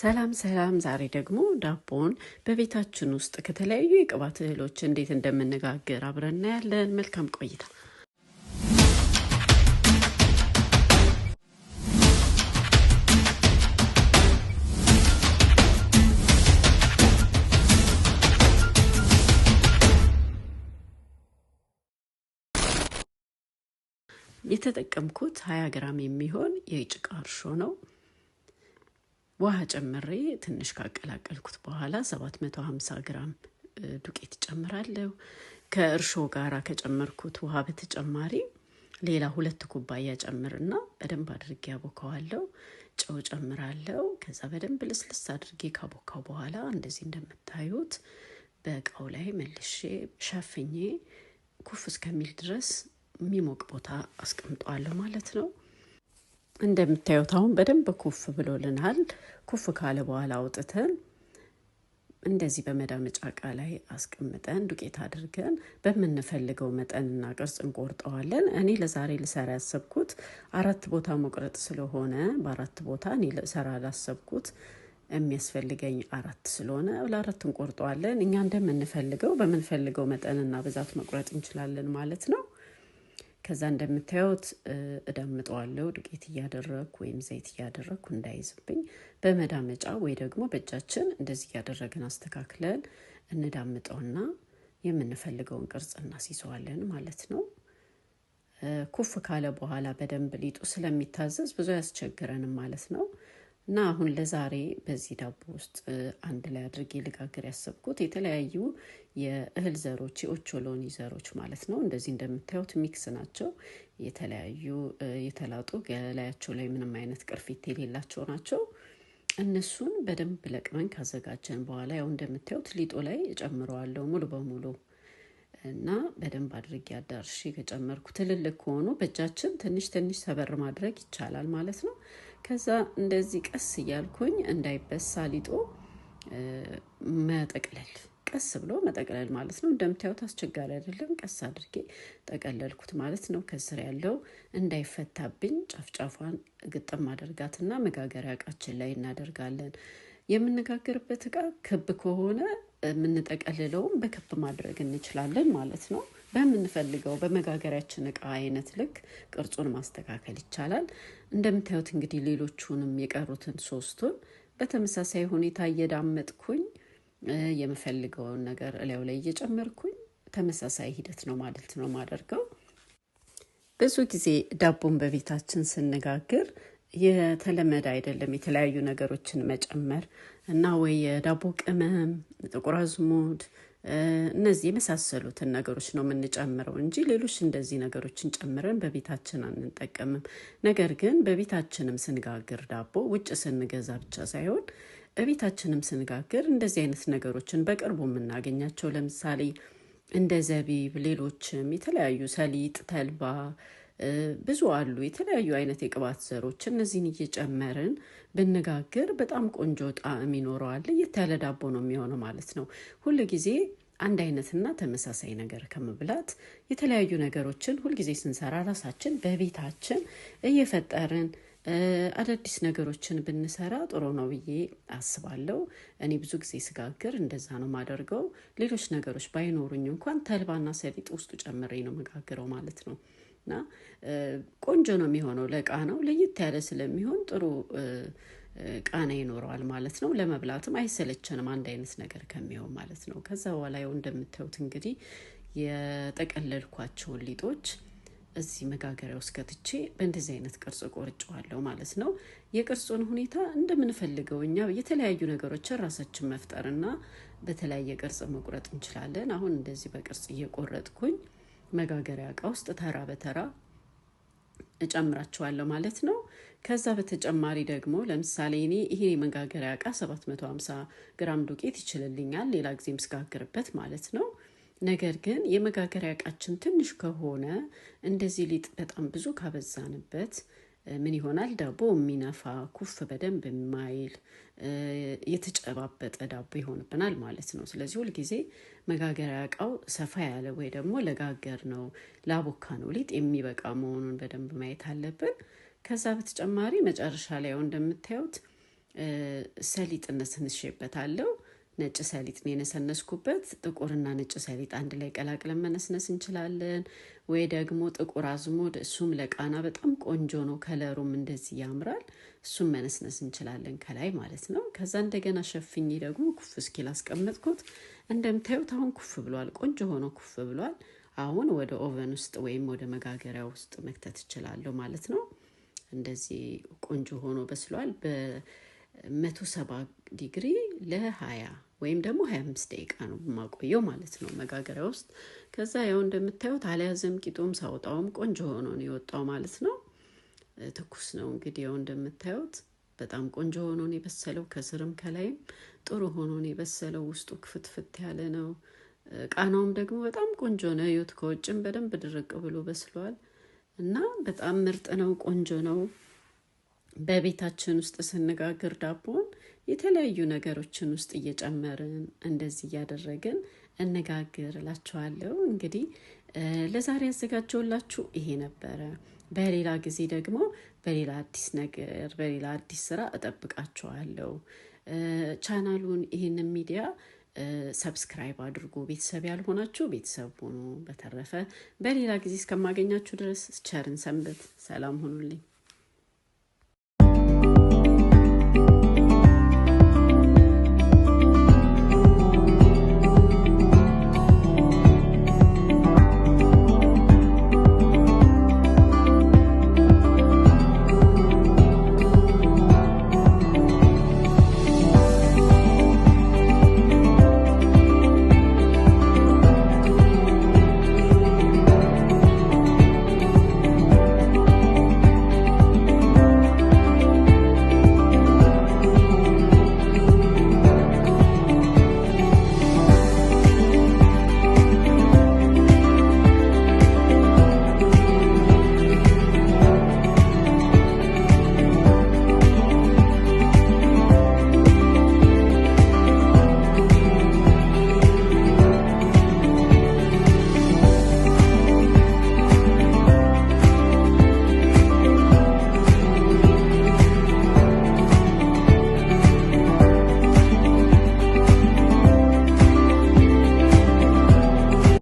ሰላም ሰላም። ዛሬ ደግሞ ዳቦን በቤታችን ውስጥ ከተለያዩ የቅባት እህሎች እንዴት እንደምነጋገር አብረን እናያለን። መልካም ቆይታ። የተጠቀምኩት ሀያ ግራም የሚሆን የጭቃ እርሾ ነው። ውሃ ጨምሬ ትንሽ ካቀላቀልኩት በኋላ 750 ግራም ዱቄት ጨምራለሁ። ከእርሾ ጋር ከጨመርኩት ውሃ በተጨማሪ ሌላ ሁለት ኩባያ ጨምርና በደንብ አድርጌ አቦካዋለሁ። ጨው ጨምራለሁ። ከዛ በደንብ ልስልስ አድርጌ ካቦካው በኋላ እንደዚህ እንደምታዩት በእቃው ላይ መልሼ ሸፍኜ ኩፍ እስከሚል ድረስ የሚሞቅ ቦታ አስቀምጠዋለሁ ማለት ነው። እንደምታዩት አሁን በደንብ ኩፍ ብሎልናል። ኩፍ ካለ በኋላ አውጥተን እንደዚህ በመዳመጫ እቃ ላይ አስቀምጠን ዱቄት አድርገን በምንፈልገው መጠንና ቅርጽ እንቆርጠዋለን። እኔ ለዛሬ ልሰራ ያሰብኩት አራት ቦታ መቁረጥ ስለሆነ በአራት ቦታ እኔ ልሰራ ላሰብኩት የሚያስፈልገኝ አራት ስለሆነ ለአራት እንቆርጠዋለን። እኛ እንደምንፈልገው በምንፈልገው መጠንና ብዛት መቁረጥ እንችላለን ማለት ነው። ከዛ እንደምታዩት እዳምጠዋለሁ ዱቄት እያደረግኩ ወይም ዘይት እያደረግኩ እንዳይዝብኝ በመዳመጫ ወይ ደግሞ በእጃችን እንደዚህ እያደረግን አስተካክለን እንዳምጠውና የምንፈልገውን ቅርጽ እናስይዘዋለን ማለት ነው። ኩፍ ካለ በኋላ በደንብ ሊጡ ስለሚታዘዝ ብዙ ያስቸግረንም ማለት ነው። እና አሁን ለዛሬ በዚህ ዳቦ ውስጥ አንድ ላይ አድርጌ ልጋግር ያሰብኩት የተለያዩ የእህል ዘሮች የኦቾሎኒ ዘሮች ማለት ነው። እንደዚህ እንደምታዩት ሚክስ ናቸው። የተለያዩ የተላጡ ገላያቸው ላይ ምንም አይነት ቅርፊት የሌላቸው ናቸው። እነሱን በደንብ ለቅመን ካዘጋጀን በኋላ ያው እንደምታዩት ሊጦ ላይ እጨምረዋለሁ ሙሉ በሙሉ እና በደንብ አድርጌ አዳርሼ ከጨመርኩ ትልልቅ ከሆኑ በእጃችን ትንሽ ትንሽ ሰበር ማድረግ ይቻላል ማለት ነው። ከዛ እንደዚህ ቀስ እያልኩኝ እንዳይበሳ ሊጦ መጠቅለል ቀስ ብሎ መጠቅለል ማለት ነው። እንደምታዩት አስቸጋሪ አይደለም። ቀስ አድርጌ ጠቀለልኩት ማለት ነው። ከስር ያለው እንዳይፈታብኝ ጫፍጫፏን ግጥም አደርጋትና መጋገሪያ እቃችን ላይ እናደርጋለን። የምነጋገርበት እቃ ክብ ከሆነ የምንጠቀልለውም በክብ ማድረግ እንችላለን ማለት ነው። በምንፈልገው በመጋገሪያችን እቃ አይነት ልክ ቅርጹን ማስተካከል ይቻላል። እንደምታዩት እንግዲህ ሌሎቹንም የቀሩትን ሶስቱን በተመሳሳይ ሁኔታ እየዳመጥኩኝ የምፈልገውን ነገር እላዩ ላይ እየጨመርኩኝ ተመሳሳይ ሂደት ነው ማለት ነው ማደርገው። ብዙ ጊዜ ዳቦን በቤታችን ስንጋግር የተለመደ አይደለም። የተለያዩ ነገሮችን መጨመር እና ወይ የዳቦ ቅመም፣ ጥቁር አዝሙድ እነዚህ የመሳሰሉትን ነገሮች ነው የምንጨምረው እንጂ ሌሎች እንደዚህ ነገሮችን ጨምረን በቤታችን አንጠቀምም። ነገር ግን በቤታችንም ስንጋግር ዳቦ ውጭ ስንገዛ ብቻ ሳይሆን በቤታችንም ስንጋግር እንደዚህ አይነት ነገሮችን በቅርቡ የምናገኛቸው ለምሳሌ እንደ ዘቢብ፣ ሌሎችም የተለያዩ ሰሊጥ፣ ተልባ ብዙ አሉ የተለያዩ አይነት የቅባት ዘሮች። እነዚህን እየጨመርን ብንጋግር በጣም ቆንጆ ጣዕም ይኖረዋል። ለየት ያለ ዳቦ ነው የሚሆነው ማለት ነው። ሁል ጊዜ አንድ አይነትና ተመሳሳይ ነገር ከመብላት የተለያዩ ነገሮችን ሁልጊዜ ስንሰራ ራሳችን በቤታችን እየፈጠርን አዳዲስ ነገሮችን ብንሰራ ጥሩ ነው ብዬ አስባለሁ። እኔ ብዙ ጊዜ ስጋግር እንደዛ ነው የማደርገው። ሌሎች ነገሮች ባይኖሩኝ እንኳን ተልባና ሰሊጥ ውስጡ ጨምሬ ነው መጋግረው ማለት ነው። እና ቆንጆ ነው የሚሆነው። ለቃ ነው ለየት ያለ ስለሚሆን ጥሩ ቃና ይኖረዋል ማለት ነው። ለመብላትም አይሰለቸንም፣ አንድ አይነት ነገር ከሚሆን ማለት ነው። ከዛ በኋላ ያው እንደምታዩት እንግዲህ የጠቀለልኳቸውን ሊጦች እዚህ መጋገሪያ ውስጥ ከትቼ በእንደዚህ አይነት ቅርጽ ቆርጬዋለሁ ማለት ነው። የቅርጹን ሁኔታ እንደምንፈልገው እኛ የተለያዩ ነገሮችን ራሳችን መፍጠርና በተለያየ ቅርጽ መቁረጥ እንችላለን። አሁን እንደዚህ በቅርጽ እየቆረጥኩኝ መጋገሪያ እቃ ውስጥ ተራ በተራ እጨምራቸዋለሁ ማለት ነው። ከዛ በተጨማሪ ደግሞ ለምሳሌ እኔ ይሄ የመጋገሪያ እቃ 750 ግራም ዱቄት ይችልልኛል፣ ሌላ ጊዜ ስጋግርበት ማለት ነው። ነገር ግን የመጋገሪያ እቃችን ትንሽ ከሆነ እንደዚህ ሊጥ በጣም ብዙ ካበዛንበት ምን ይሆናል ዳቦ የሚነፋ ኩፍ በደንብ የማይል የተጨባበጠ ዳቦ ይሆንብናል ማለት ነው። ስለዚህ ሁልጊዜ መጋገሪያ እቃው ሰፋ ያለ ወይ ደግሞ ለጋገር ነው ላቦካ ነው ሊጥ የሚበቃ መሆኑን በደንብ ማየት አለብን። ከዛ በተጨማሪ መጨረሻ ላይ ያው እንደምታዩት ሰሊጥ እነስንሼበታለሁ ነጭ ሰሊጥ ነው የነሰነስኩበት። ጥቁርና ነጭ ሰሊጥ አንድ ላይ ቀላቅለን መነስነስ እንችላለን፣ ወይ ደግሞ ጥቁር አዝሙድ፣ እሱም ለቃና በጣም ቆንጆ ነው። ከለሩም እንደዚህ ያምራል። እሱም መነስነስ እንችላለን ከላይ ማለት ነው። ከዛ እንደገና ሸፍኝ ደግሞ ኩፍ እስኪል አስቀመጥኩት። እንደምታዩት አሁን ኩፍ ብሏል። ቆንጆ ሆኖ ኩፍ ብሏል። አሁን ወደ ኦቨን ውስጥ ወይም ወደ መጋገሪያ ውስጥ መክተት እችላለሁ ማለት ነው። እንደዚህ ቆንጆ ሆኖ በስሏል። በመቶ ሰባ ዲግሪ ለ20 ወይም ደግሞ 25 ደቂቃ ነው የማቆየው ማለት ነው መጋገሪያ ውስጥ። ከዛ ያው እንደምታዩት አልያዘም፣ ቂጡም ሳውጣውም ቆንጆ ሆኖ ነው የወጣው ማለት ነው። ትኩስ ነው እንግዲህ ያው እንደምታዩት በጣም ቆንጆ ሆኖ ነው የበሰለው። ከስርም ከላይም ጥሩ ሆኖ ነው የበሰለው። ውስጡ ክፍትፍት ያለ ነው። ቃናውም ደግሞ በጣም ቆንጆ ነው። እዩት፣ ከውጭም በደንብ ድርቅ ብሎ በስሏል እና በጣም ምርጥ ነው፣ ቆንጆ ነው። በቤታችን ውስጥ ስንጋግር ዳቦን የተለያዩ ነገሮችን ውስጥ እየጨመርን እንደዚህ እያደረግን እነጋግር ላቸዋለው እንግዲህ ለዛሬ ያዘጋጀውላችሁ ይሄ ነበረ። በሌላ ጊዜ ደግሞ በሌላ አዲስ ነገር በሌላ አዲስ ስራ እጠብቃችኋለሁ። ቻናሉን ይህንን ሚዲያ ሰብስክራይብ አድርጉ። ቤተሰብ ያልሆናችሁ ቤተሰብ ሁኑ። በተረፈ በሌላ ጊዜ እስከማገኛችሁ ድረስ ቸርን ሰንብት። ሰላም ሁኑልኝ።